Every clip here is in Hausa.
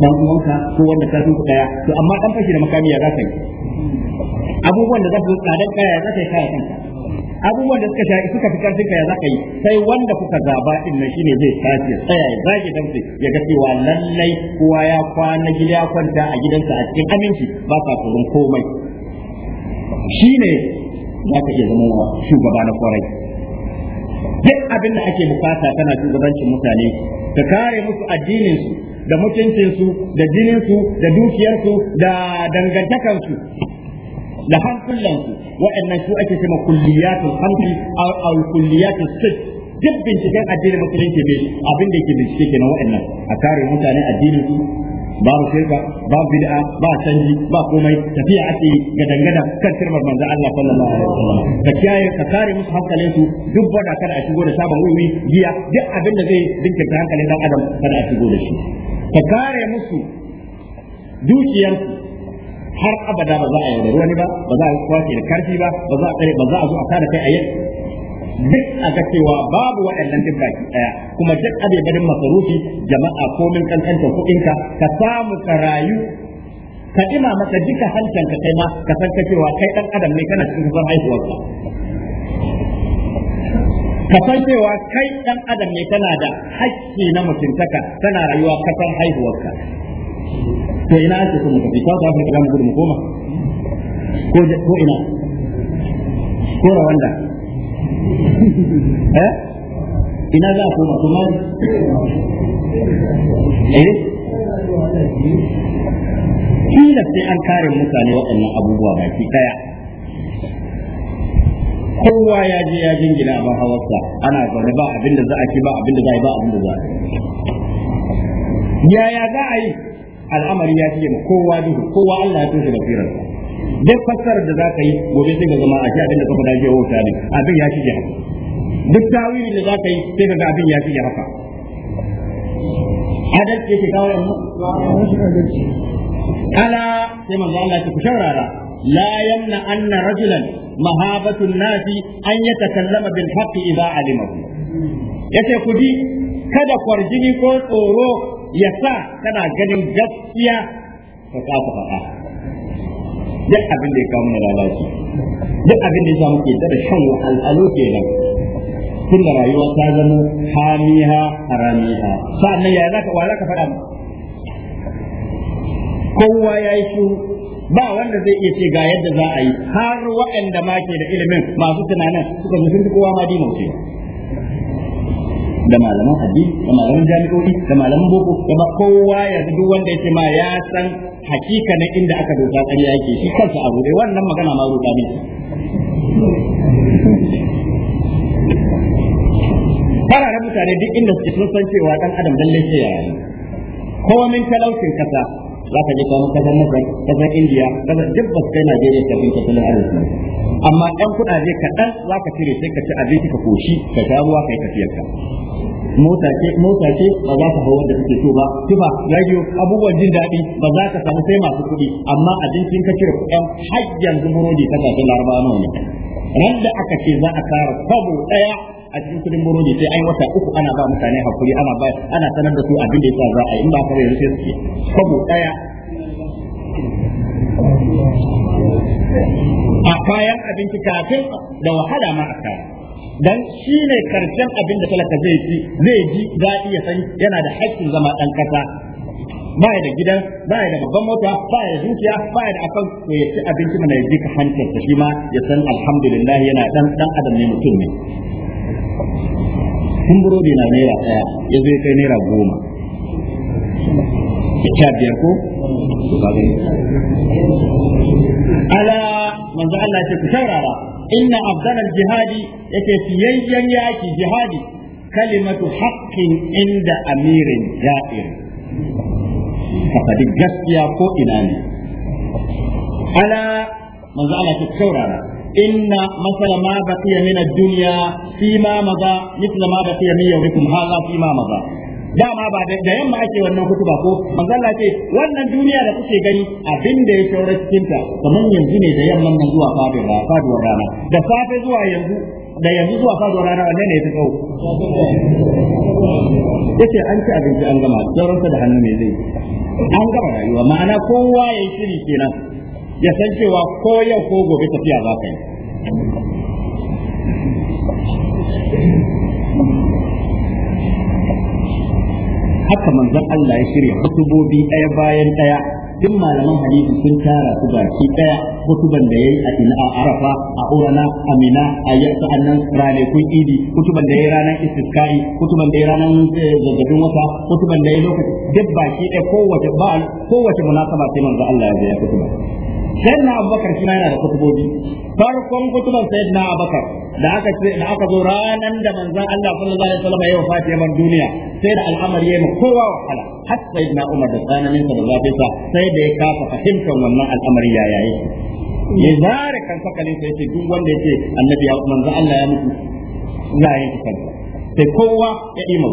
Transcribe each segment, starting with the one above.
dan uwanka ko wanda ka tuku daya to amma dan fashi da makami ya zaka yi abubuwan da zaka tsadan kaya ya zaka yi kaya kanka abubuwan da suka shafi suka fi karfin kaya za zaka yi sai wanda kuka zaba din nan shine zai tashi tsaya ya zage dan sai ya ga cewa lallai kowa ya kwana gida kwanta a gidansa a cikin aminci ba ka tsoron komai shine zaka iya zama shugaba na kwarai duk abin da ake bukata kana shugabancin mutane ka kare musu addininsu. da mutuncinsu da jininsu da dukiyarsu da dangantakarsu da hankulansu waɗannan su ake cewa kulliyatul hamdi aw kulliyatul sit duk binciken addinin musulunci ne abin da yake bincike kenan waɗannan a kare mutane addinin su babu shirka babu bid'a ba canji ba komai tafiya ake ga dangana kan kirmar manzo Allah sallallahu alaihi wasallam ka kiyaye ka kare musu hankalin su duk wanda kada a shigo da sabon wuri giya duk abin da zai ta hankalin dan adam kada a shigo da shi ka kare musu dukiyarsu har abada ba za a da ruwani ba ba za a kwace da karfi ba ba za a tsare ba za a zo a kada kai a duk a ga cewa babu waɗannan duk baki ɗaya kuma duk barin masarufi jama'a komin kankantar kuɗinka ka samu ka rayu ka ina maka duka hancanka ka kai ma ka san ka cewa kai ɗan adam ne kana cikin kasar haihuwarka ka san cewa kai ɗan adam ne tana da hakki na mutuntaka tana rayuwa kasar haihuwarka to ina ake so mu tafi ta ta Afirka mu gudu mu koma ko ina ko wanda. eh ina za ku ba kuma eh kila sai an kare mutane waɗannan abubuwa baki daya kowa ya je ya jingina abin hawarsa ana zaune ba abinda za a ci ba abinda za a yi ba abinda za a yi yaya za a yi al'amari ya fiye kowa duhu kowa Allah ya toshe basirar duk fassarar da za ka yi gobe sai ga zama a shi abin da ka faɗa a wauta ne abin ya shige haka duk tawili da za ka yi sai ka ga abin ya shige haka adalci yake kawo yamma ala sai manzo Allah ya ku sharara la yamna anna rajulan mahabatu nasi an yatakallama bil haqqi idza alimahu yace ku ji kada kwarjini ko tsoro ya sa kana ganin gaskiya ka kafa faɗa duk abin da ya kawo mana lalaci duk abin da ya samu ke da shan wahalhalu kenan tunda rayuwa ta zama hamiha haramiha sa'annan ya zaka wa ka faɗa kowa ya yi shiru ba wanda zai iya ce ga yadda za a yi har waɗanda ma ke da ilimin masu tunanin suka zo sun kowa ma dina ce da malaman addini da malaman jami'o'i da malaman boko da ba kowa ya duk wanda ya ma ya san hakika na inda aka doka ƙarya yake shi kansa a dai wannan magana ma ruɗa ne fararen mutane duk inda suke sun san cewa ɗan adam lalle ne kowa min talaucin kasa za ka je kamar kasar masar kasar indiya kasar duk ba su kai najeriya karfin tattalin arziki amma ɗan kuɗaɗe kaɗan za ka cire sai ka ci abinci ka koshi ka sha ruwa ka yi tafiyarka mota ce mota ce ba za ka hau wanda kake so ba tufa radio abubuwan jin daɗi ba za ka samu sai masu kuɗi amma abincin ka cire kuɗin har yanzu burodi kasashen larabawa nawa ne ran da aka ce za a kara kwabo ɗaya a cikin kudin burodi sai an wata uku ana ba mutane hakuri ana ba ana sanar da su abin da yasa za a yi in ba kare sai suke. kwabo daya a kayan abinci kafin da wahala ma a dan shi ne karshen abin da talaka zai ci zai ji daɗi ya sani yana da haƙƙin zama ɗan ƙasa ba da gidan ba da babban mota ba da dukiya ba da akan ko ya ci abinci mana ya ji ka shi ma ya san alhamdulillah yana dan dan adam ne mutum ne tun burodi na naira ɗaya ya zai ya kai naira goma ya sha biyar ko ala manzo Allah ce ku saurara inna abdalal jihadi yake fiyayyen yaki jihadi kalimatu haqqin inda amirin ja'ir fakadi gaskiya ko ina ne ala manzo Allah ce ku saurara إن مثل ما بقي من الدنيا فيما مضى مثل ما بقي من يومكم هذا فيما مضى ma ba da yamma ake wannan kutuba ko Allah ce wannan duniya da kuke gani abin da ya shaura cikin ta kamar yanzu ne da yamman nan zuwa fadin rana da safe zuwa yanzu da yanzu zuwa fadin rana wannan ne ya fi tsawo an ci abinci an gama sauransa da hannu ne zai an gama rayuwa ma'ana kowa ya shiri kenan ya san cewa ko yau ko gobe tafiya za ka yi haka manzon Allah ya shirya hutubobi ɗaya bayan ɗaya duk malaman hadisi sun tara su baki ɗaya hutuban da yayi a ina a arafa a urana a mina a yasa annan ranakun idi hutuban da yayi ranar istiskai hutuban da yayi ranar eh, zazzabin wata hutuban da yayi lokaci duk baki ɗaya kowace ba kowace munasaba sai manzon Allah ya ya hutuba na abubakar shi yana da kutubobi farkon kutuban na abubakar da aka ce da aka zo ranan da manzon Allah sallallahu alaihi wasallam ya wafati ya bar duniya sai da al'amari ya kowa wahala har na Umar da tsananin sa da zafinsa sai da ya kafa fahimtar wannan al'amari ya yayi ya zare kan sakalin sai ce duk wanda yace annabi ya manzon Allah ya mutu za a sai kowa ya ima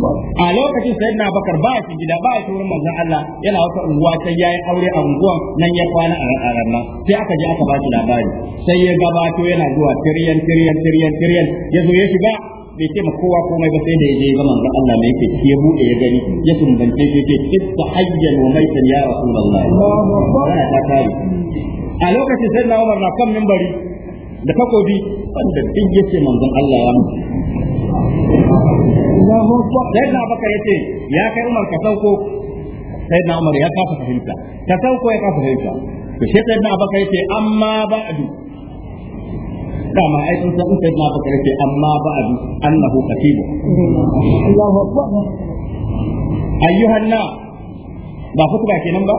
a lokacin na bakar ba shi gida ba shi wurin manzon Allah yana wata unguwa sai yayi aure a unguwan nan ya kwana a ranar sai aka je aka ba shi labari sai ya gabato yana zuwa tiryan tiryan tiryan tiryan ya zo ya shiga bai ce ma kowa komai ba sai da ya je ga manzon Allah mai ke ya bude ya gani ya tumbance shi ke. kitta hayyan wa maitan ya rasulullah a lokacin Umar na kan minbari da takobi wanda duk yace manzon Allah ya sai na baka yace ya kai umar ka sauko sai na umar ya kafa fahimta ka sauko ya kafa fahimta to sai sai na baka yace amma ba'du dama ai sun san sai na baka yace amma ba'du annahu qatibu Allahu akbar ayyuhan nas ba kutuba kenan ba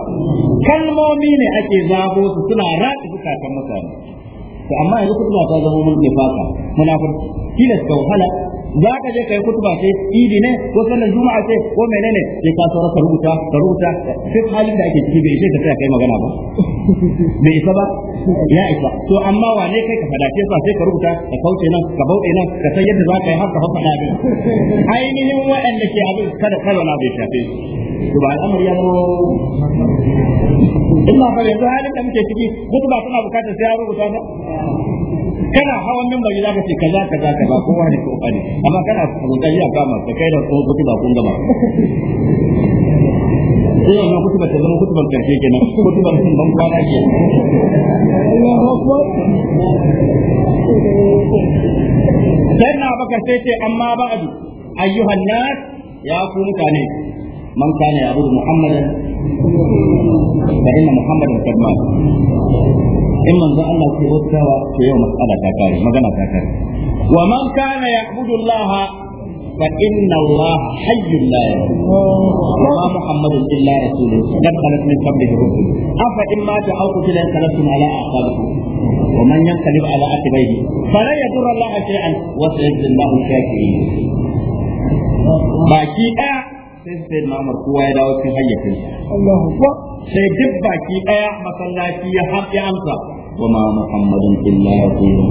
kalmomi ne ake zabo su suna ratsa zukatan mutane to amma yanzu kutuba ta zama mun nifaka munafiki tilas ka wahala za ka je kai kutuba ce idi ne ko sallar juma'a ce ko menene sai ka saura ka rubuta ka rubuta duk halin da ake ciki bai isa ka kai magana ba bai isa ba ya isa to amma wane kai ka fada ce sa sai ka rubuta ka kauce nan ka bauɗe nan ka san yadda za ka yi har ka faɗa abin ainihin waɗanda ke abin kada kalwana bai shafe su ba al'amari ya zama ina fa yanzu halin da muke ciki duk ba tana bukatar sai ya rubuta ba kana hawan nan bari zaka ce kaza kaza kaza kowa ne ko ne amma kana rubuta ya kama ka kai da tsohon kutuba kun gama sai wannan kutuba ta zama kutuban karshe kenan kutuban sun ban kwana ke sai na baka sai ce amma ba'du ayyuhan nas ya ku mutane man kana ya abudu muhammadan fa inna muhammadan qad mat in manzo Allah ke hutawa wa ma baki ɗaya sai sai na Umar kowa ya dawo cikin hayyacin Allahu akbar sai duk baki daya masallaci ya haɗe amsa wa ma Muhammadun illa rasulun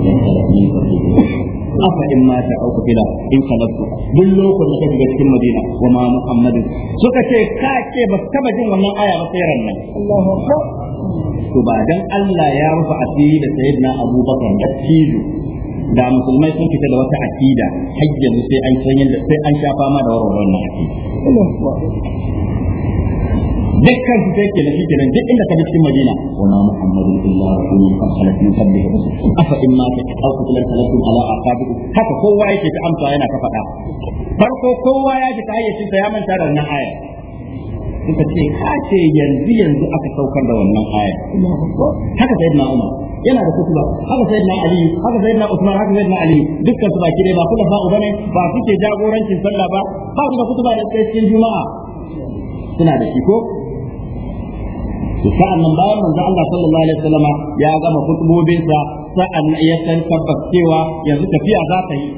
afa in mata au kafila in kalabtu duk lokacin da ka shiga cikin Madina wa ma Muhammadin suka ce ka ke ba taba jin wannan aya ba sai ran nan Allahu akbar to ba dan Allah ya rufa asiri da sayyidina Abubakar da cizo da musulmai sun fita da wata akida hajjar sai an san yadda sai an sha fama da warware wannan akida dukkan su sai kenan shikenan duk inda ka bi cikin Madina wa ma Muhammadu illa rasulun qad khalat min qablihi rusul afa in ma ta aw qutilan halakum ala aqabikum haka kowa yake ta amsa yana ta faɗa farko kowa ya ji ta hayyaci sa ya manta da wannan aya suka ce ka ce yanzu yanzu aka saukar da wannan aya haka sai na Umar yana da kutuba haka sai na ali haka sai na usman haka sai na ali dukkan su baki ne ba kula fa'u bane ba suke jagorancin sallah ba ba su da kutuba da sai cikin juma'a suna da shi ko to sa'an nan bayan manzo Allah sallallahu alaihi wasallam ya gama kutubobinsa sa'an ya san tabbas yanzu tafiya za ta yi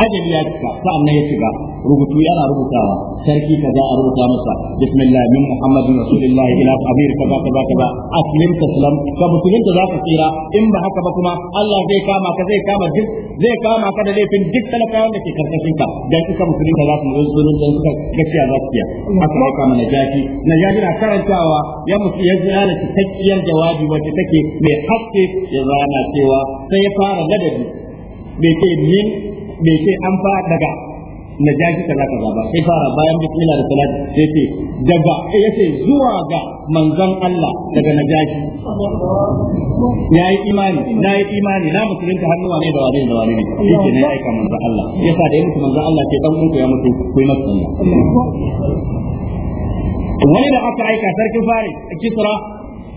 ajali ya cika sa'annan ya shiga rubutu yana rubutawa sarki kaza a rubuta masa bismillah min muhammadin rasulillahi ila kabir kaza kaza kaza aslim taslam ka musulunta za ka tsira in ba haka ba kuma Allah zai kama ka zai kama duk zai kama ka da laifin duk talakawan da ke karkashin ka dan suka musulunta za su zo zulun dan suka gaskiya za su tiya haka ya kama na najashi na karantawa ya musu ya zana cikakkiyar jawabi wacce take mai haske ya zana cewa sai ya fara ladabi bai ce min bai ce an fa daga najashi kaza kaza ba sai fara bayan bismillah da salati sai ce daga yace zuwa ga manzon Allah daga najashi yayi imani na yi imani na musulunta hannuwa ne da wani da wani ne yake ne aika manzon Allah yasa da ya mutu manzon Allah ce dan uku ya mutu ku yi masa wani da aka aika sarkin fari kisra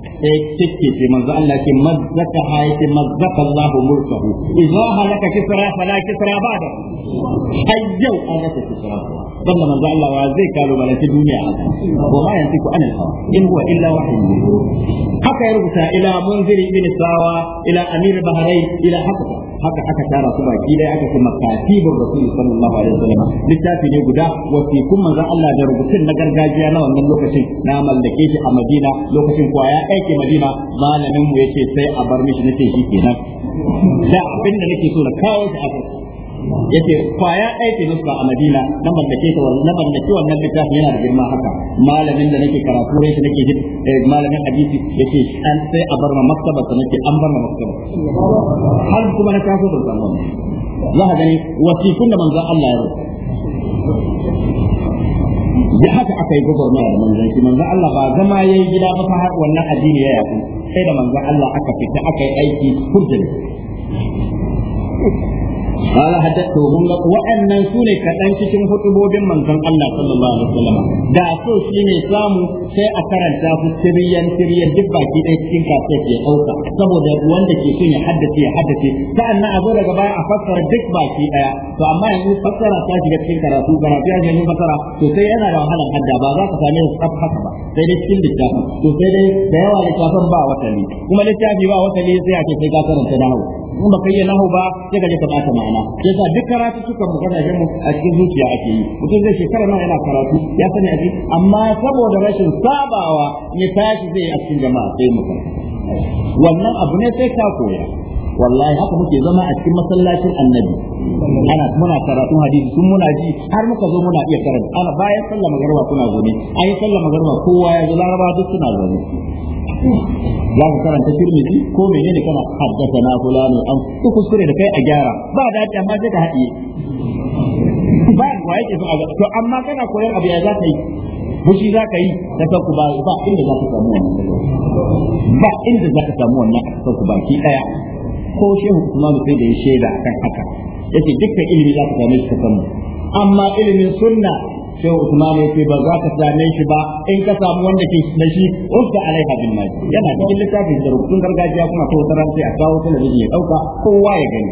sai eh, take ce manzo Allah ke mazzaka hayati mazzaka Allahu mulkahu idza halaka kisra fala kisra ba'da hayyau kisra dan manzo Allah wa zai kalu balaki duniya wa ma yantiku ku al-hawa in huwa illa wahyu haka ya rubuta ila munziri ibn sawa ila amir bahrain ila haka haka aka tara su baki dai aka ce makatibur rasul sallallahu alaihi wasallam littafi ne guda wasikun manzon Allah da rubutun na gargajiya na wannan lokacin na mallake shi a Madina lokacin kuwa ya aike Madina malamin mu yace sai a bar mishi nace shi kenan da abinda nake so na kawo shi a yace kwaya ɗaya ce nuska a Madina na mallake ta na mallake wannan littafin yana da girma haka malamin da nake karatu rai nake jin eh, malamin hadisi yace an sai a bar ma maktaba ta nake an bar ma maktaba har kuma na taso da zaman za ka gani wasikun da manzon Allah ya rubuta da haka aka yi gwagwarmaya da manzon shi manzon Allah ba zama ya yi gida ba har wannan addini ya yaku sai da manzon Allah aka fita aka yi aiki hujjar قال حدثت هم وأن سوني كأن تشم خطبو بمن كان الله صلى الله عليه وسلم دا سو شيني سامو سي أكرن تافو سريا سريا دبا كي أي تشين كاسيت يأوكا سبو دا وان دكي شيني حدثي حدثي فأنا أقول لك بقى أفسر دبا كي أيا فأما يقول فسر أساجي لكين كراتو كراتو يعني يقول فسر تو سي أنا لو هلا حدا بازا فساني وصف حسبا سي دي تشين لكتافو تو سي دي سيوا لكتافو با وطني كما لكتافي با وطني سيأتي سيكا كرن تداو in ba kai ba sai ka je ka bata ma'ana yasa duk karatu suka mu kasashen mu a cikin zuciya ake yi mutum zai shekara nawa yana karatu ya sani a amma saboda rashin sabawa ya tashi zai a cikin jama'a sai mu wannan abu ne sai ka koya wallahi haka muke zama a cikin masallacin annabi ana muna karatun hadisi tun muna ji har muka zo muna iya karanta ana bayan sallah magarba kuna zo ne ayi sallah magarba kowa ya zo laraba duk suna zo ne za ka karanta turmiji ko ne kana haddasa na fulani an ku kuskure da kai a gyara ba da ta amma sai ka haɗiye ba wa yake so a ga to amma kana koyar abu ya za ka yi fushi za ka yi ta kanku ba ba inda za ka samu wannan ba inda za ka samu wannan a ba baki daya ko shehu kuma sai da ya shaida akan haka yace dukkan ilimi za ka same shi ka amma ilimin sunna sai Usman ya ce ba za ka same shi ba in ka samu wanda ke na shi ufda alaiha bin naji yana cikin littafin da rubutun gargajiya kuma ko sarar sai a kawo talabijin ya dauka kowa ya gani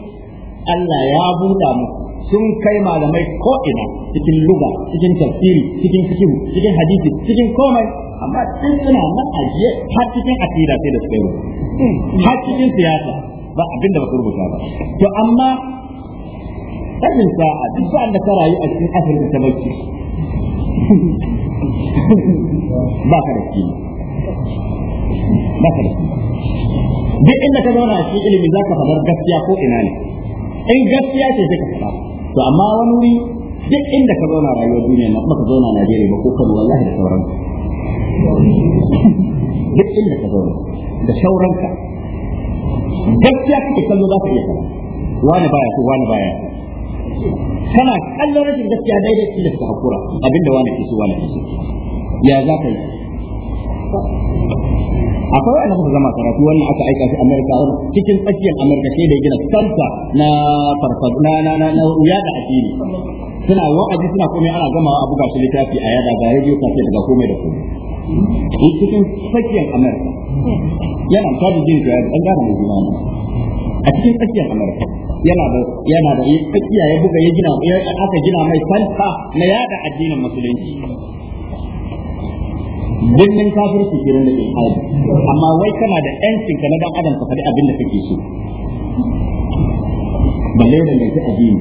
Allah ya buɗa musu sun kai malamai ko ina cikin luga cikin tafsiri cikin fikihu cikin hadisi cikin komai amma sun suna nan ajiye har cikin akida sai da su kai har cikin siyasa ba abinda ba rubuta ba to amma rashin sa'a duk sa'an da ka rayu a cikin afirka ta bakki ba ka da shi ba ka da shi duk inda ka zauna a cikin ilimi za ka fadar gaskiya ko ina ne in gaskiya ce sai ka faɗa to amma wani wuri duk inda ka zauna rayuwar duniya na kuma ka zauna Najeriya ba ko Kano wallahi da sauran duk inda ka zauna da sauranka gaskiya kake kallo za ka iya faɗa wani baya ko wani baya kana kallon rashin gaskiya daidai cikin da suka hakura abinda wani ke so wani ke so ya za ka yi akwai wanda suka gama karatu wannan aka aika shi Amerika cikin tsakiyar Amerika sai da gina santa na farfad na na na na wuya da addini suna wa'azi suna komai ana gamawa a buga shi littafi a yada ga radio kafe daga komai da komai cikin tsakiyar Amerika yana tabi jin ga an gane mu juna a cikin tsakiyar Amerika yana da yana da tsakiya ya buga ya gina aka gina mai santa na yada addinin musulunci birnin su kiran da ilhadi amma wai kana da yancin ka na dan adam ka faɗi abin da kake so balle da mai addini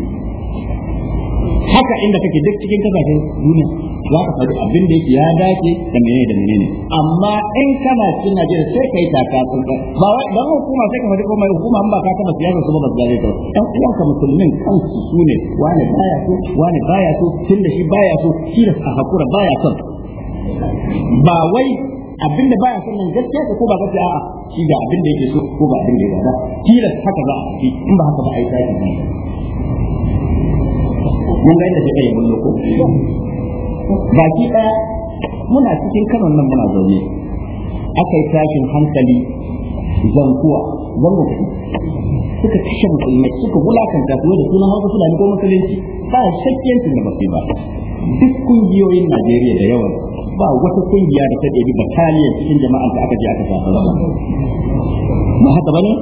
haka inda kake duk cikin kasashen duniya za ka faɗi abin da yake ya dace da menene da menene amma in kana cikin Najeriya sai kai taka sun ba wai dan hukuma sai ka faɗi ko mai hukuma an ba ka kama siyasa su ba su zai ka dan uwan ka musulmin kansu sune wani baya so wani baya so tunda shi baya so shi da hakura baya son ba wai abinda baya son nan gaskiya ko ba gaskiya a'a shi ga abinda yake so ko ba abinda ya gada tilas haka za a tafi in ba haka ba ai sai taki ne mun ga inda take yin ko ki daya muna cikin kanon nan muna zaune aka yi tashin hankali zankuwa zango suka kashe mutum suka wulakanta su da sunan hausa ni ko musulunci ba shakkiyancin da ba sai ba duk kungiyoyin Najeriya da yawa ba wata kungiya da ta ɗebi bataliyar cikin jama'ar da aka je aka tafi ba ba haka bane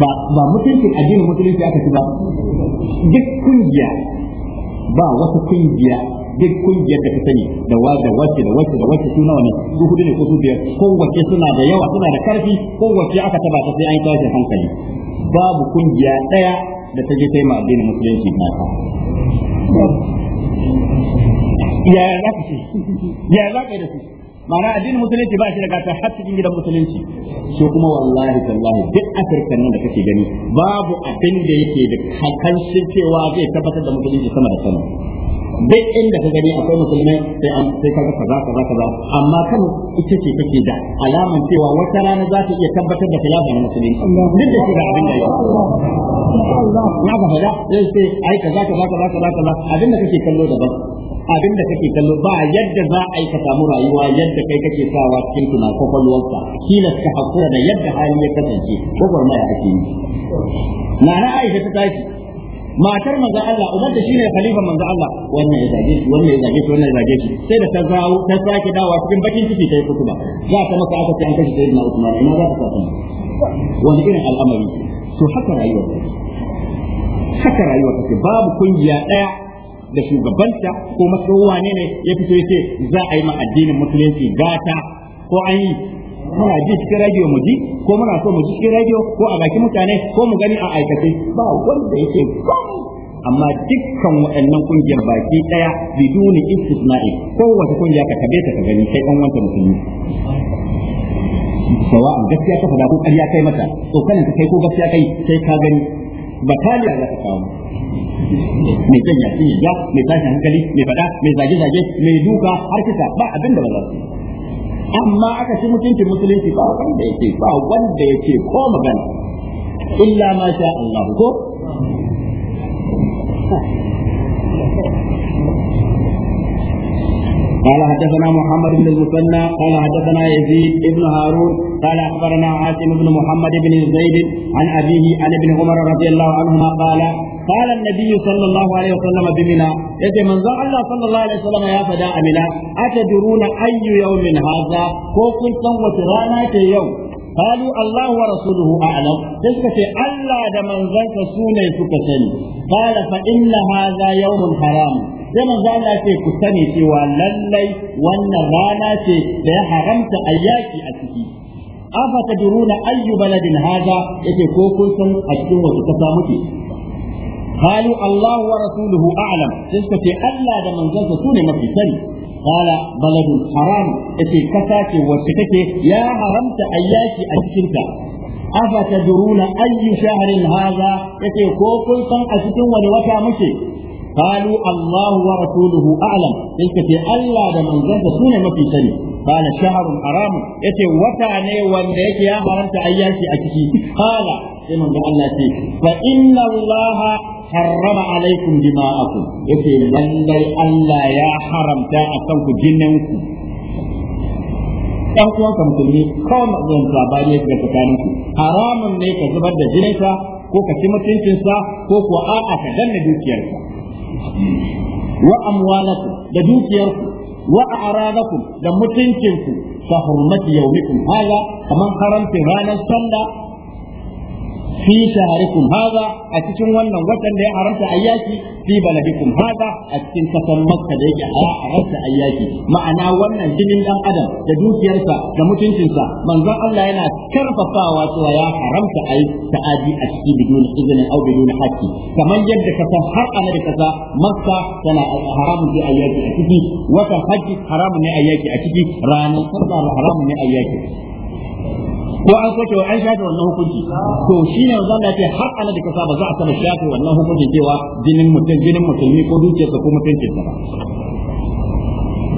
ba ba mutuncin addinin musulunci aka ci ba duk kungiya ba wata kungiya duk kungiyar da ka sani da wa da wacce da wacce da wacce su nawa ne su hudu ne ko su biyar kowace suna da yawa suna da karfi kowace aka taba ta sai an kawo hankali babu kungiya daya da ta je ta yi ma addinin musulunci na ya za ka ce ya za yi da su ma'ana addinin musulunci ba shi da gata har cikin gidan musulunci so kuma wallahi tallahi duk afirkan nan da kake gani babu abin da yake da kanshin cewa zai tabbatar da musulunci sama da sama duk inda ka gani akwai musulmai sai an sai kaga kaza kaza kaza amma kan ita ce take da alaman cewa wata rana za ta iya tabbatar da khilafa na musulmi duk da shi da abin da ya na ga fada sai sai ai kaza kaza kaza kaza kaza abin da kake kallo daban abin da kake kallo ba yadda za a yi ka samu rayuwa yadda kai kake sawa cikin tunan kwakwalwarka kila ka hakura da yadda hali ya kasance ya ake yi na na aisha ta tashi matar manzo Allah uban ta shine khalifa manzo Allah wannan ya zage shi wannan ya zage shi wannan ya zage shi sai da ta zawo ta sake dawa cikin bakin ciki ta yi ba. za ta maka aka ce an kashe sayyidina Usman ina za ka sa wani irin al'amari to haka rayuwar haka rayuwar take babu kungiya daya da shugabanta ko matsowa ne ne ya fito yace za a yi ma addinin musulunci gata ko an yi muna ji cikin radio mu ji ko muna so mu ji cikin radio ko a baki mutane ko mu gani a aikace ba wanda yake amma dukkan waɗannan kungiyar baki daya biduni istisna'i wata kungiya ka tabe ta gani sai dan wanda musulmi an gaskiya ka faɗa ko ƙarya kai mata to kanin ka kai ko gaskiya kai sai ka gani bataliya za ka samu mai janya sun ya mai tashin hankali mai faɗa mai zage-zage mai duka har kisa ba abin da ba za su amma aka ci mutuncin musulunci ba wanda yake ba wanda yake ko magana illa ma sha Allah ko قال حدثنا محمد بن المثنى قال حدثنا يزيد بن هارون قال اخبرنا عاصم بن محمد بن زيد عن ابيه عن ابن عمر رضي الله عنهما قال قال النبي صلى الله عليه وسلم بمنى يتي من ذا الله صلى الله عليه وسلم يا فدا أمنا أتدرون أي يوم هذا كوكل صوت رانا يوم قالوا الله ورسوله أعلم تسكت ألا دمن ذنك سوني سكتن قال فإن هذا يوم حرام كما قال في كتني في وللي وأن رانا في حرمت أياك أتكي أفتدرون أي بلد هذا يتكوكل أشكوه تتسامتي قالوا الله ورسوله أعلم تلك ألا ده من جلسة سوني ما في سني قال بلد حرام اتي كتاك وشكك يا حرمت أياك أشكنت أفتدرون أي شهر هذا اتي كوكل سن أشكن ولوكا مشي قالوا الله ورسوله أعلم تلك ألا ده من جلسة سوني ما في سني قال شهر حرام اتي وتاني وانديك يا حرمت أياك أشكي قال sai manzon Allah ce fa inna Allah harrama alaikum dima'akum yace lallai Allah ya haramta a kan ku ku dan uwanka musulmi kawai mazan labari ya shiga tsakaninku haramun ne ka zubar da jininsa ko ka ci sa, ko kuwa a'a ka danna sa. wa amwalakum da dukiyar dukiyarku wa a'radakum da mutuncin mutuncinku fa hurmati yawmikum hala kaman haramta ranar sallah fi shaharikum hadha a cikin wannan watan da ya haramta ayyaki fi baladikum hadha a cikin kasar makka da yake haramta ayyaki ma'ana wannan jinin dan adam da dukiyarsa da mutuncinsa manzon Allah yana karfafawa cewa ya haramta ayi ta'adi a cikin bidun izinin au bidun haki. kamar yadda kasar har a da kaza makka tana haramun ne ayyaki a ciki watan haji haramun ne ayyaki a ciki ranar sallah haramun ne ayyaki ko an soke wa an shafe wannan hukunci to shine manzo Allah ce har ana da kasa ba za a taba shafe wannan hukunci cewa jinin mutum jinin musulmi ko dukiyarsa ko mutuncinsa ba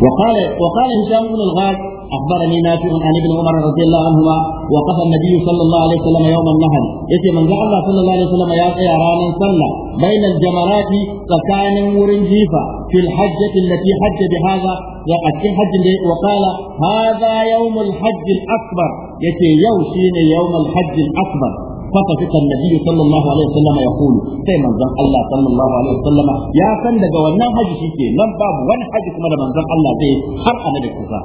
وقال وقال هشام بن الغاز اخبرني نافع عن ابن عمر رضي الله عنهما وقف النبي صلى الله عليه وسلم يوم النحل يتي من الله صلى الله عليه وسلم يا رانا صلى بين الجمرات فكان ورن جيفا في الحجة التي حج بهذا وقد حج وقال هذا يوم الحج الأكبر yace yau shine yawmal hajj akbar فقط النبي صلى الله عليه وسلم يقول sai manzon Allah sallallahu alaihi wasallam ya san daga wannan haji shike nan babu wani haji kuma da manzan Allah zai har ana da kusa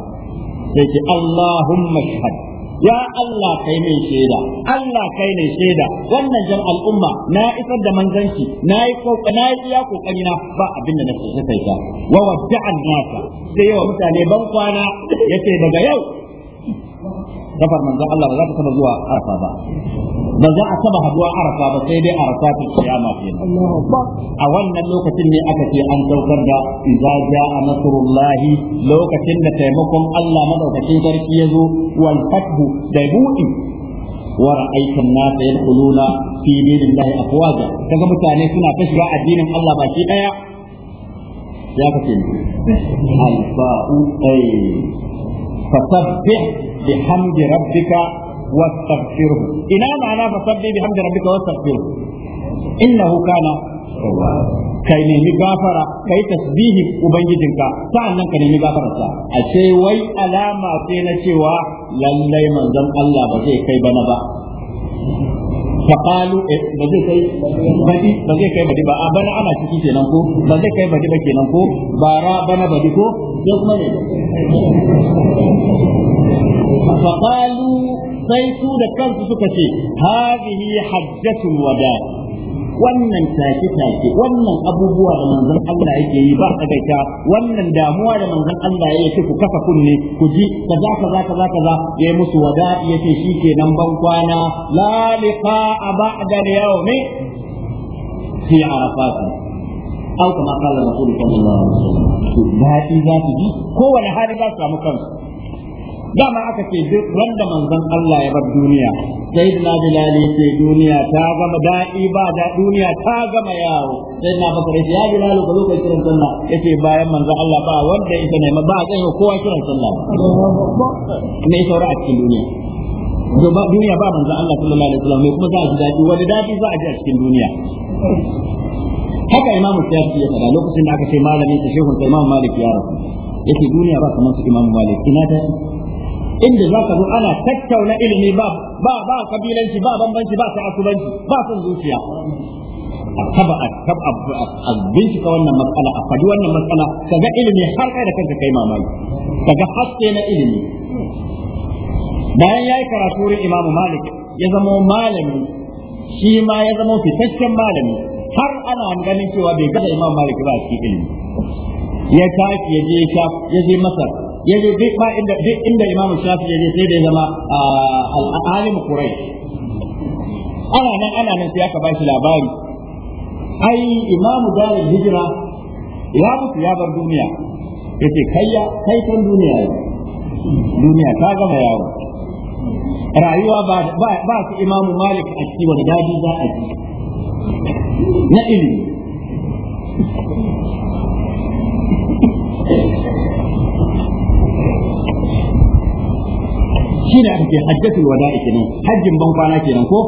sai ce Allahumma shahad ya Allah kai ne shaida Allah kai ne shaida wannan jan al'umma na isar da manzanci na yi kokari na yi iya na ba abin da na sai ta wa wada'an nasa mutane ban kwana yace daga yau kafar manzon Allah ba za ta taba zuwa arafa ba ba za a taba haduwa arafa ba sai dai arafa ta kiyama kenan a wannan lokacin ne aka ce an saukar da idza jaa nasrullahi lokacin da taimakon Allah madaukakin sarki ya zo wal fathu da buɗi ورأيت الناس يدخلون في دين الله أفواجا كما mutane suna تشرع الدين الله باكي أيا ya كتير الفاء أي fasabbih bihamdi rabbika wastaghfirhu ina ma'ana fasabbih bihamdi rabbika wastaghfirhu innahu kana kai nemi gafara kai tasbihi ubangijinka nan ka nemi sa. a ce wai alama sai na cewa lallai manzon Allah ba zai kai bana ba faqalu eh, ba zai kai badi ba zai kai badi ba a bana ana ciki kenan ko ba zai kai badi ba kenan ko ba ra bana badi ko sai kuma ne faqalu sai su da kansu suka ce hadhihi hajjatul wada' wannan take take wannan abubuwa da manzon Allah yake yi ba a tsagaita wannan damuwa da manzon Allah ya yake ku kafa kunne ku ji kaza kaza kaza kaza yayi musu wada ke nan ban kwana la liqa ba'da al-yawmi fi arafat أو كما قال رسول الله صلى الله عليه وسلم ji? Kowane hali هو su samu kansu. dama aka ce duk wanda manzon Allah ya bar duniya sai na bilali ce duniya ta gama da'i ba da duniya ta gama yawo sai na bakare ya bilali ko lokacin kiran sallah yace bayan manzon Allah ba wanda ita ne ba zai yi kowa kiran sallah ne saura a cikin duniya ba duniya ba manzon Allah sallallahu alaihi wasallam kuma za a ji daɗi wani daɗi za a ji a cikin duniya haka imamu shafi ya faɗa lokacin da aka ce malamin ta shehun sai imamu malik ya rasu yace duniya ba kamar su imamu malik ina daɗi inda za ka zo ana tattauna ilimi ba ba ba kabilanci ba bambanci ba ta'assubanci ba son zuciya taba a bincika wannan matsala a faɗi wannan matsala kaga ilimi har kai da kanka kai mamaki kaga haske na ilimi bayan yayi karatu wurin Imam Malik ya zama malami shi ma ya zama fitaccen malami har ana ganin cewa bai gada Imam Malik ba a cikin ilimi ya tafi ya je ya je Masar yaje duk ba inda duk inda Imam Shafi yaje sai da zama al-alim Quraysh ana nan ana nan sai aka bashi labari ai Imam Darul Hijra ya mutu ya bar duniya yace kai ya kai kan duniya duniya ta gama yawo rayuwa ba ba su imamu Malik a ciki wani daji za a ji na ilimi shi ne aka ce wada ake nan hajjin ban kwana kenan ko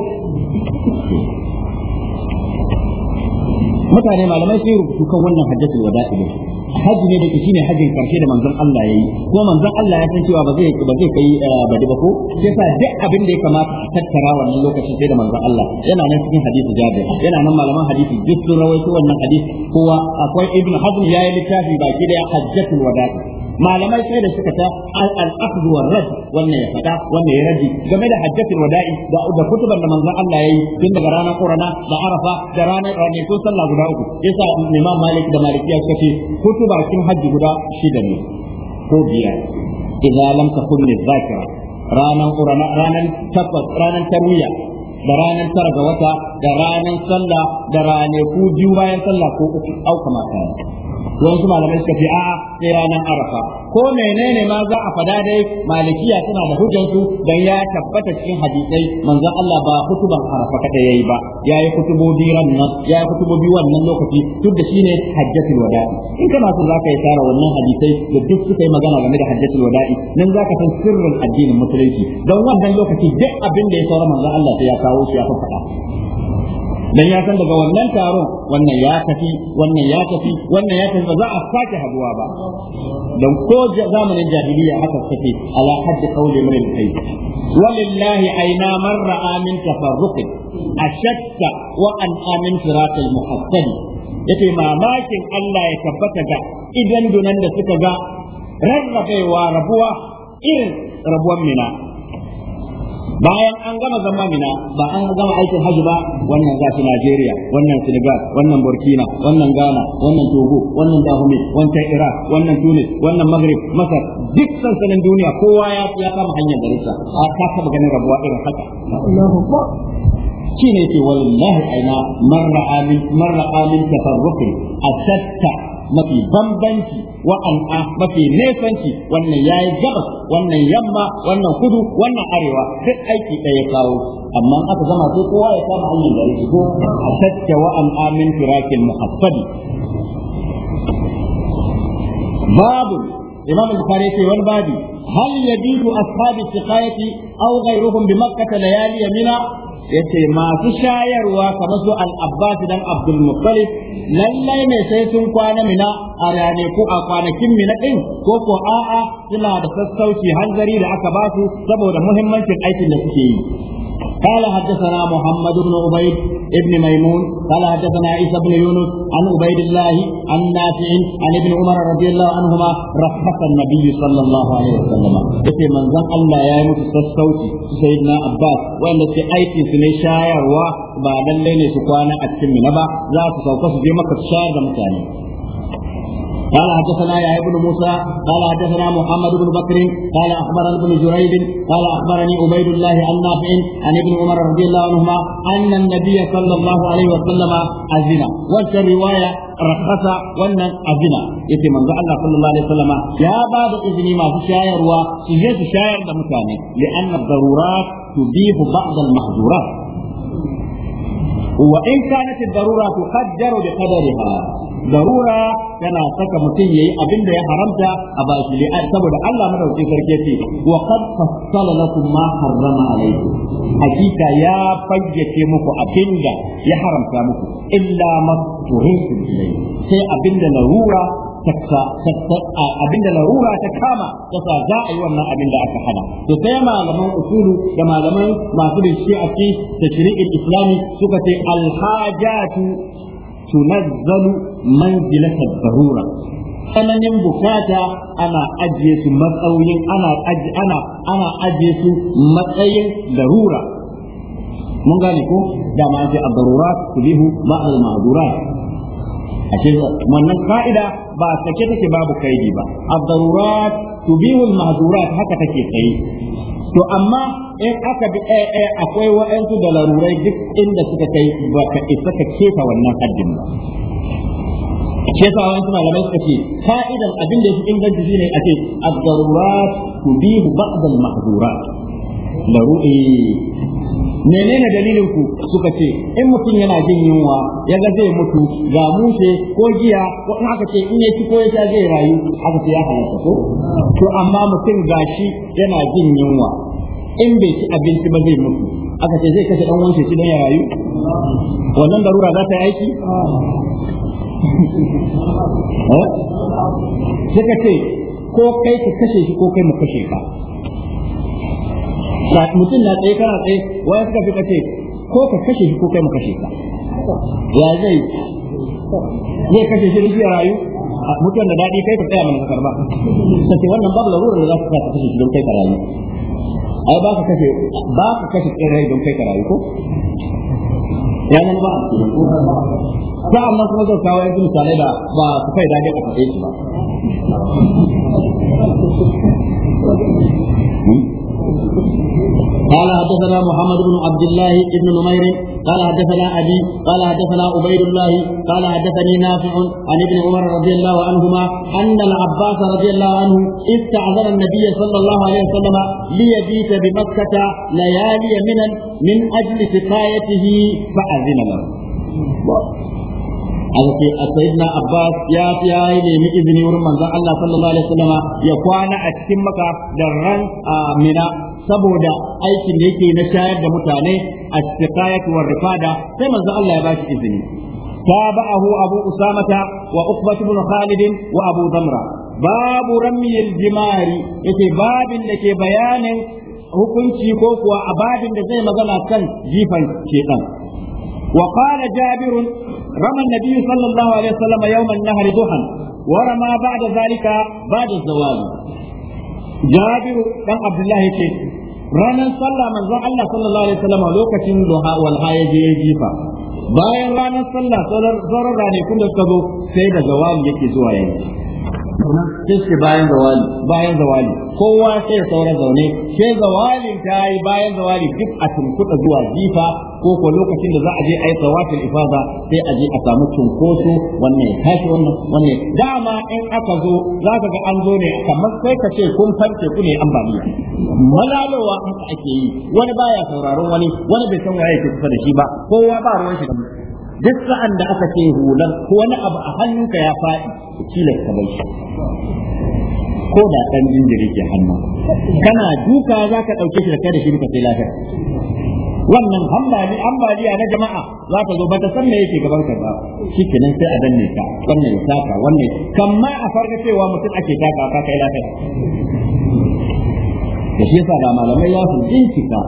mutane malamai sai rubutu kan wannan hajjatul wada'i ne haji ne da shi ne hajjin karshe da manzon Allah ya yi. ko manzon Allah ya san cewa ba zai ba zai kai eh, bade ba ko sai sa duk abin da ya kamata a tattara wannan lokacin sai da manzon Allah yana nan cikin hadisi Jabir yana nan malaman hadisi duk sun rawaito wannan hadisi kowa akwai Ibn Hazm yi littafi baki da ya hajjatul wada'i malamai sai da suka ta al-akhdh wa rad wannan ya fada wannan ya raji game da hajjatul wada'i da da kutuban da manzon Allah yayi tun daga ranar Qur'ana da Arafa da ranar ranar ko sallah guda uku yasa Imam Malik da Malikiya suka ce kutuba kin hajji guda shida ne ko biya idza lam takun zakira ranar Qur'ana ranar tabbas ranar tarwiya da ranar tara ga wata da ranar sallah da ranar ku biyu bayan sallah ko uku au kamata wasu malamai suka ce a'a sai ranar arafa ko menene ma za a fada dai malikiya tana da hujjansu dan ya tabbata cikin hadisai manzon Allah ba kutuban arafa kada yayi ba yayi kutubobi rannan yayi kutubobi wannan lokaci duk da shine hajjatul wada'i in kana so zaka yi tsara wannan hadisai da duk suka yi magana game da hajjatul wada'i nan zaka san sirrin addinin musulunci don wannan lokaci duk abin da ya saura manzon Allah sai ya kawo shi ya faɗa dan ya san daga wannan taron wannan ya tafi wannan ya tafi wannan ya tafi ba za a sake haduwa ba dan ko zamanin jahiliya haka take ala haddi qawli min al-hayy walillahi ayna marra amin tafarruq ashakka wa an amin firat al-muhassab yace mamakin Allah ya tabbata ga idan dunan da suka ga rarrabewa rabuwa irin rabuwan mina bayan an gama zama mina ba an gama aikin haji ba wannan za su Najeriya wannan Senegal wannan Burkina wannan Ghana wannan Togo wannan Dahomey wannan Iraq wannan Tunis wannan Maghrib Masar duk sansanin duniya kowa ya ya kama hanyar garinsa a ka taba ganin rabuwa irin haka Allahu Akbar shine ce wallahi aina marra amin marra amin tafarruqi asatta mafi bambanci wa'an'a mafi nesanci wannan ya yi gabas wannan yamma wannan kudu wannan arewa duk aiki ɗaya kawo amma aka zama sai kowa ya kama hanyar gare shi ko a tacce wa'an'a min firakin muhassadi babu imam al-bukhari ce wal babi hal yabidu ashabi shiqayati aw ghayruhum bi makkah layali yamina yace masu shayarwa kamar su al-Abbas dan Abdul Muttalib lallai ne sai sun kwana mina a rane ko a kwanakin mina din ko ko a'a suna da sassauci hanzari da aka ba su saboda muhimmancin aikin da suke yi قال حدثنا محمد بن عبيد بن ميمون قال حدثنا عيسى بن يونس عن عبيد الله عن نافع عن ابن عمر رضي الله عنهما رخص النبي صلى الله عليه وسلم manzon Allah ya yi musu sassauci su Abbas wanda ke aiki su shayarwa ba lallai ne su kwana a cikin ba za su sauka su je maka da mutane قال حدثنا يا ابن موسى قال حدثنا محمد بن بكر قال اخبرنا ابن جريب قال اخبرني عبيد الله عن نافع عن ابن عمر رضي الله عنهما ان النبي صلى الله عليه وسلم اذن وش الروايه رخص وان اذن يتي من الله صلى الله عليه وسلم يا بعد اذني ما في شاير و شاير لمكاني لان الضرورات تضيف بعض المحظورات وان كانت الضروره تقدر بقدرها Larura yana saka mutum ya yi abinda ya haramta a bashi li'an saboda Allah madauki sarki yace wa qad fassala lakum ma harrama hakika ya fayyace muku abin da ya haramta muku illa ma tuhirtum ilayhi sai larura abinda larura ta kama kasa za a yi wannan abin da aka hana to sai malaman usulu da malaman masu bincike a cikin tashri'il islami suka ce alhajatu tunazzalu manzilatal barura tsananin bukata ana ajiye su matsayin ana ana ana ajiye su matsayin darura mun gane ko da ma ji abarura tubihu ma al ma'dura ashe wannan ka'ida ba sake take babu kaidi ba ad-darurat tubihu al haka take tsaye to amma in aka bi ɗaya akwai wa'ansu da larurai duk inda suka kai ba ka isa ka kefa wannan haddin ba shi yasa wa'ansu malamai suka ce fa'idan abin da yake inganci ne a ce ad-darurat tubihu ba'd al ma'azura. Larurai. Eh, menene dalilin ku suka ce in mutum yana jin yunwa ya ga zai mutu ga mushe ko giya ko in aka ce in ya ci ko ya sha zai rayu aka ce ya halatta ko to amma mutum gashi yana jin yunwa in bai ci abinci ba zai mutu aka ce zai kashe dan wanke shi dan ya rayu wannan darura za ta yi aiki eh? sai ka ce ko kai ka kashe shi ko kai mu kashe ka mutum na tsaye kana tsaye wani suka fi kace ko ka kashe shi ko kai mu kashe ka ya zai zai kashe shi rufi rayu mutuwan da daɗi kai ka tsaya mana ka karba sai wannan babu larurar da za ka ka kashe shi don kai ka rayu ai ba ka kashe ba ka kashe tsirrai don kai ka rayu ko ya nan ba ba amma kuma zai kawo yanzu misalai da ba su kai dage ka faɗe shi ba قال حدثنا محمد بن عبد الله بن نمير قال حدثنا أبي قال حدثنا عبيد الله قال حدثني نافع عن ابن عمر رضي الله عنهما أن العباس رضي الله عنه استعذر النبي صلى الله عليه وسلم ليبيت بمكة ليالي منا من أجل سقايته فأذن له an ce a sayyidina abbas ya ya yi nemi izini wurin manzon Allah sallallahu alaihi wasallama ya kwana a cikin maka da ran mina saboda aikin da yake na shayar da mutane a shiqayat wa rifada sai manzo Allah ya bashi izini wa أبو أسامة وأقبة بن خالد وأبو ذمرة باب رمي الجمار babin da ke bayanin hukunci ko kuwa a babin da zai magana kan jifan shekan wa qala jabir rama nabi sallallahu alaihi wasallam yawm an-nahr duhan wa rama ba'da zalika ba'da zawal jabir dan abdullah yace ranar sallah manzon Allah sallallahu alaihi wasallam lokacin duha wal hayaji ya jifa bayan ranar sallah sauran ranakun da suka zo sai da zawali yake zuwa yanzu sai su bayan zawali bayan zawali kowa sai saura zaune sai zawalin ta yi bayan zawali duk a tunkuɗa zuwa jifa ko ko lokacin da za a je a yi tawafin ifada sai a je a samu cunkoso wannan ya tashi wannan wannan dama in aka zo za ka ga an zo ne kamar sai ka ce kun farce ku ne ambaliya malalowa haka ake yi wani baya sauraron wani wani bai san waye ke kusa da shi ba kowa ba ruwan shi duk sa'an da aka ce hulan ko wani abu a hannunka ya faɗi tilasta bai ko da ɗan injiri ke hannu kana duka za ka ɗauke shi da kai da shi duka sai lafiya wannan hambali ambaliya na jama'a za ta zo ba ta san me yake gaban ka ba shikenan sai a danne ka wannan ya taka wannan kamma a farka cewa mutum ake taka ka kai lafiya da shi yasa da malamai ya su bincika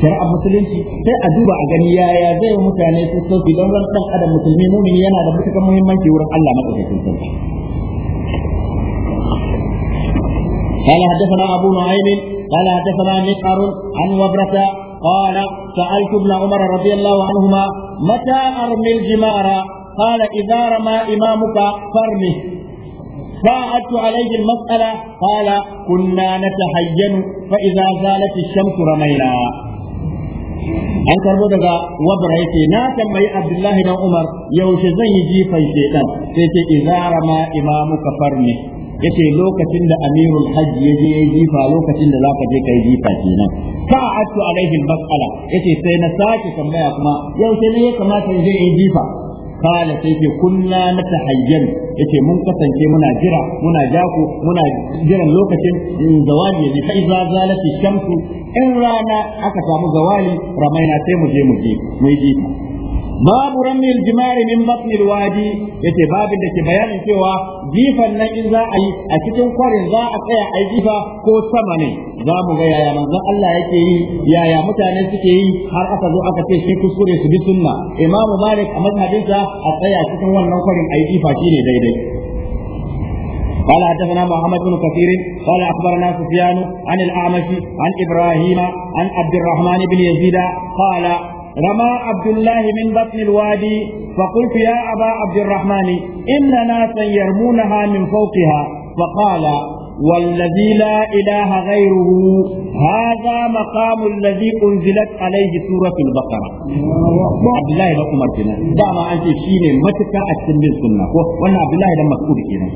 shari'a musulunci sai a duba a gani yaya zai mutane su sauki don ran dan adam musulmi mumin yana da mutukar muhimmanci wurin Allah madaukakin sarki قال حدثنا أبو نعيم قال حدثنا نقر عن وبرة قال سألت ابن عمر رضي الله عنهما متى أرمي الجمار قال إذا رمى إمامك فارمه فأعدت عليه المسألة قال كنا نتحين فإذا زالت الشمس رمينا an karbo daga wabra yace na tambayi abdullahi dan umar yaushe zan yi jifan shedan sai ce izara ma imamu kafarni yace lokacin da amirul hajji ya je jifa lokacin da zaka je kai jifa kenan atu alaihi al-mas'ala yace sai na sake tambaya kuma yau sai ne ya kamata in je in jifa kala sai ke kunna na tahayyan yace mun kasance muna jira muna jaku muna jiran lokacin zawali ne fa iza zalati shamsu in rana aka samu zawali ramaina sai mu je mu je mu babu rammil jimari min batnil wadi yace babin da ke bayanin cewa jifan nan in za a yi a cikin kwarin za a tsaya a jifa ko sama ne za mu ga yaya manzon Allah yake yi yaya mutane suke yi har aka zo aka ce shi kuskure su bi sunna imamu malik a mazhabinsa a tsaya cikin wannan kwarin a jifa shine daidai قال حدثنا محمد بن كثير قال اخبرنا سفيان an الاعمش an ابراهيم عن عبد الرحمن بن يزيد قال رمى عبد الله من بطن الوادي فقلت يا أبا عبد الرحمن إن ناسا يرمونها من فوقها فقال والذي لا إله غيره هذا مقام الذي أنزلت عليه سورة البقرة عبد الله بن عمر كنا دعما أنت شيني متكا أتسن بالسنة وانا عبد الله بن مسعود كنا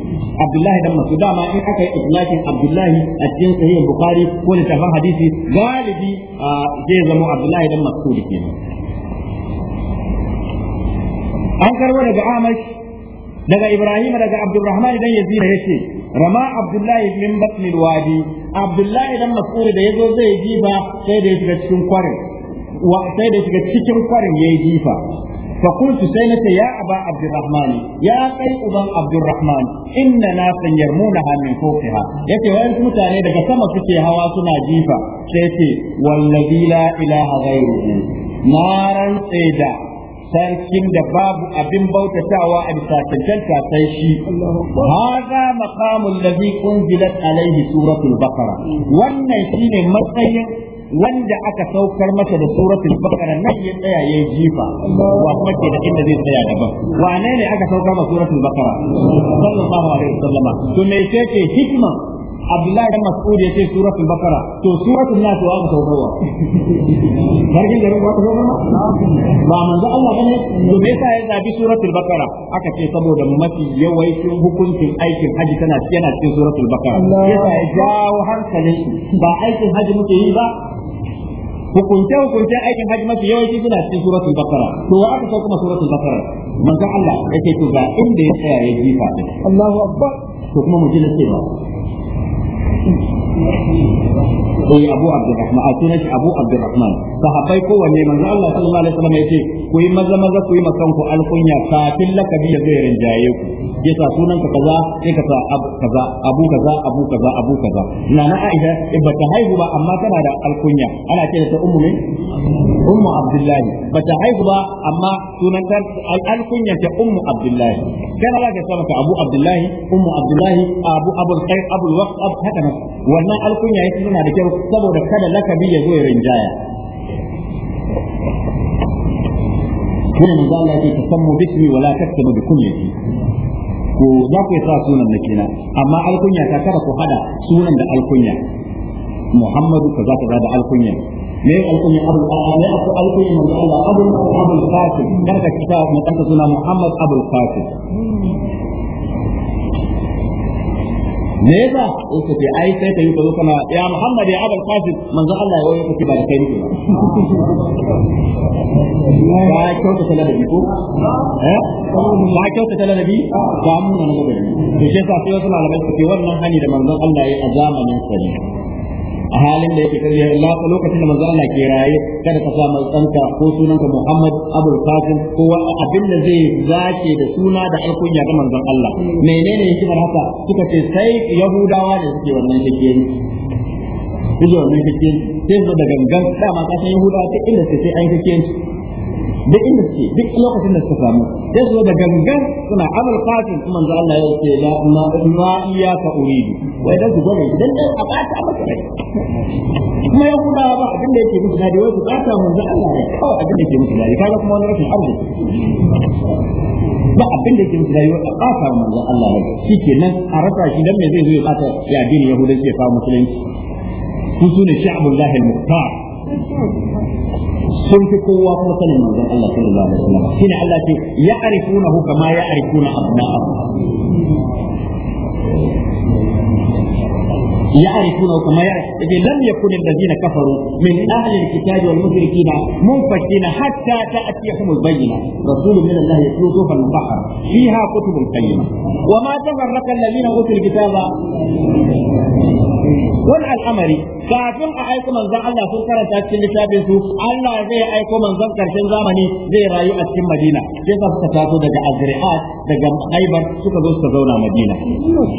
عبد الله بن مسعود دعما إن أكا إطلاق عبد الله أتسن صحيح البخاري كل تفاهم حديثي غالبي آه زي عبد الله بن مسعود كنا an karbo daga amash daga ibrahim daga abdurrahman idan ya zira yace rama abdullahi min batn alwadi abdullahi dan mas'ul da ya zo zai jifa sai da shiga cikin kwarin sai da shiga cikin kwarin yayi jifa fa qultu sai nace ya aba abdurrahman ya kai uban Abdulrahman, inna na san yarmuna ha min fuqiha yace wa yanzu mutane daga sama suke hawa suna jifa sai ce wallazi la ilaha ghayruhu naran sayda sarkin da babu abin bautatawa a bisa cancanta sai shi hadha maqamul ladhi unzilat alaihi suratul baqara wannan shine matsayin wanda aka saukar masa da suratul baqara nan ya tsaya ya jifa wa kuma ke da inda zai tsaya daban wane ne aka saukar masa suratul baqara sallallahu alaihi wasallam to me ce hikma Abdullahi dan Mas'ud ce suratul Baqara to suratul Nas wa aka saukarwa barkin da wa aka zama ba manzo Allah bane to me yasa ya zabi suratul Baqara aka ce saboda mafi yawaicin hukuncin aikin haji tana yana cikin suratul Baqara yasa ya jawo hankalin ba aikin haji muke yi ba hukunce hukunce aikin haji mafi yawanci suna cikin suratul bakara to wa aka kuma suratul bakara manzon Allah yake to ga inda ya tsaya ya jifa Allahu akbar to kuma mu ji na cewa eh abu abdurrahman a sunan abu abdurrahman sahabbai kowanne manzo Allah sallallahu alaihi wasallam ce ku yi maza maza ku yi makanku alkunya kafin lakabi ya zai rinjaye ku ya sa sunan kaza sai ka sa kaza abu kaza abu kaza abu kaza na na Aisha eh, ba ta haihu ba amma tana da alkunya ana ce ta ummu ne ummu Abdullahi ba ta haihu ba amma sunan ta alkunya ta ummu Abdullahi kana za ka saba abu Abdullahi ummu Abdullahi abu abul khair abul waqf haka nan wannan alkunya yake yana da kyau saboda kada lakabi ya zo ya rinjaya kuma manzo Allah ya tasammu bismi wala taktabu bi kunyati ko za ku sa sunan na kina amma alkunya ta kada ku hada sunan da alkunya Muhammadu za ka da alkunya me alkunya abu ne aku alkunya manzo Allah abu abu al-Qasim kada ka suna Muhammad Abu al-Qasim me yasa in ka ce ai sai ka yi ka zo kana ya Muhammad ya Abul Qasim manzo Allah ya wayo kake ba da kai ne ba kyauta ta ladabi ko eh ba kyauta ta ladabi ba mun nan gobe to shi yasa sai wasu malamai suke wannan hani da manzon Allah ya azama nan sani a halin da yake karya la lokacin da manzo Allah ke raye kada ka sa mai tsanka ko sunanka Muhammad Abdul Qasim ko abin da zai zace da suna da alkunya ga manzon Allah menene ban haka suka ce sai Yahudawa ne suke wannan shekiyar suke wannan sai su da gangan dama san Yahudawa ta inda sai an shekiyar duk inda suke duk lokacin da suka samu sai su da gangan suna amal fatin in manzo Allah ya ce la ma ma iyyaka uridu wai dan su gwada idan dan a bata maka rai kuma ya kuda ba abin da yake musu dadi wai su bata manzo Allah ne kawai abin da yake musu dadi kaga kuma wani rashin arziki ba abin da yake musu dadi wai a bata manzo Allah ne nan a rasa shi dan me zai zo ya bata ya addinin yahudanci ya kawo musulunci su sune sha'abullahi al-muqtar sun fi kowa kuma sanin manzon Allah sallallahu alaihi wasallam shine Allah ce kama يعرفونه كما يعرف لم يكن الذين كفروا من أهل الكتاب والمشركين منفكين حتى تأتيهم البينة رسول من الله يتلو سوف البحر فيها كتب قيمة وما تفرق الذين أوتوا الكتاب wani al'amari kafin a aiko manzan Allah sun karanta cikin littafin su Allah zai aiko manzan karshen zamani zai rayu a cikin Madina sai sa suka taso daga Azri'at daga aibar suka zo suka zauna Madina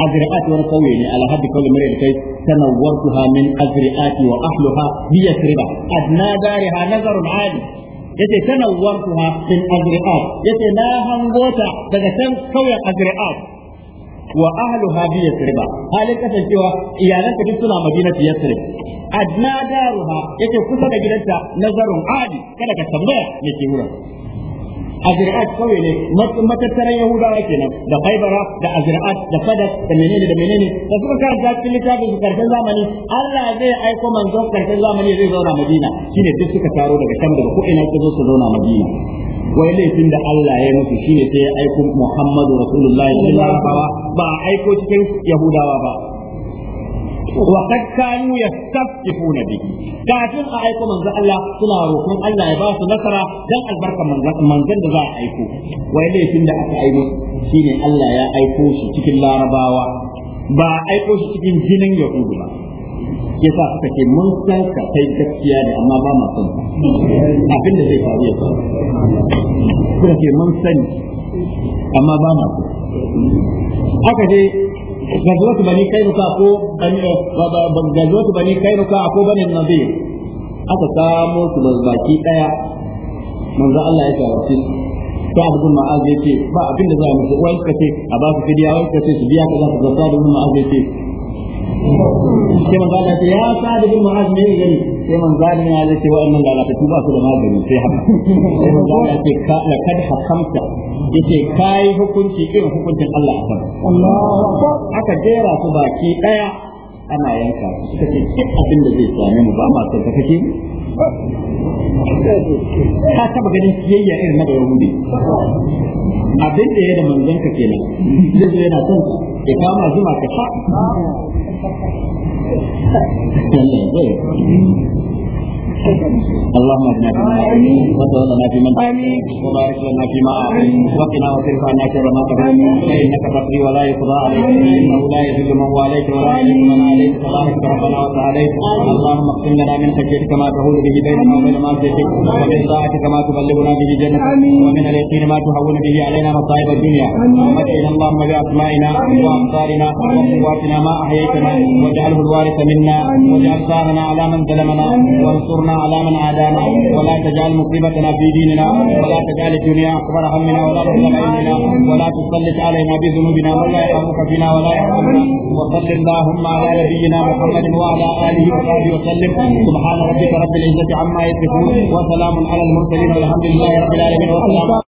Azri'at wani kauye ne alhaddi kawai mare da kai tanawwartuha min Azri'at wa ahluha bi Yathriba adna dariha nazarun ali yace tanawwartuha min Azri'at yace na hangota daga can kauyen Azri'at wa ahlu ya yasriba halin kasancewa iyalan ka duk suna madinatu yasrib adna daruha yake kusa da gidanta nazarin adi kada ka tambaya me ke azir'at kawai ne matattaran yahudawa kenan da khaybara da azir'at da fadak da menene da menene da suka karanta cikin littafin su karshen zamani Allah zai aiko manzo karshen zamani zai zauna Madina shine duk suka taro daga sham daga ko ina zo su zauna Madina wai laifin da Allah ya musu shine sai ya aiko Muhammadu Rasulullahi sallallahu alaihi wasallam ba aiko cikin yahudawa ba وقد كانوا يستفتحون به كافر أعيكم من ذا الله سنا روكم الله يباس نصرا دان البركة من ذا من ذا ذا أعيكم وإليه تند أتعيمه شين الله يا أعيكم شتك الله رباوا با أعيكم شتك جنين يهود ما yasa suka ce mun san ka kai gaskiya ne amma ba ma son abin da zai faru ya faru suka ce mun sani amma ba ma son haka dai gazuwatu bani kainuka ko gazuwatu bani kainuka ko bani aka samo su baki daya manzo Allah ya shawarci sai abu bin ma'az ya ba abin da za a musu wani kace a ba su fidiya wani kace su biya kaza su da bin ma'az ya ce ya sa da bin ne sai man zani ya zai ce wa'annan lalatattu ba su da magani sai haka sai man zani ya ce ka la kad hakamta yace kai hukunci irin hukuncin Allah a sama aka jera su baki daya ana yanka su suka ce duk abin da zai same mu ba ma sai ka kake ka taba ganin kiyayya irin na da hudu abin da ya da manzon ka kenan zai yana son ya kama zuma ka sha 哎，真美味。اللهم اجعلنا في العالمين وتولنا في من امين وبارك لنا في اعطيت وقنا واصرف عنا شر ما قضيت فانك تقضي ولا يقضى عليك انه لا يذل من واليت ولا يذل من عليك تبارك ربنا وتعاليت اللهم اقسم لنا من خشيتك ما تهون به بيننا وبين معصيتك ومن طاعتك ما تبلغنا به جنتك ومن اليقين ما تهون به علينا مصائب الدنيا ومتعنا اللهم باسمائنا وابصارنا وقواتنا ما احييتنا واجعله الوارث منا واجعل ثارنا على من ظلمنا وانصرنا على من عادانا ولا تجعل مصيبتنا في ديننا ولا تجعل الدنيا اكبر همنا ولا مبلغ علمنا ولا تسلط علينا بذنوبنا ولا لا يرحمك بنا ولا يرحمنا وصل اللهم على نبينا محمد وعلى اله وصحبه وسلم سبحان ربك رب العزه عما يصفون وسلام على المرسلين والحمد لله رب العالمين والسلام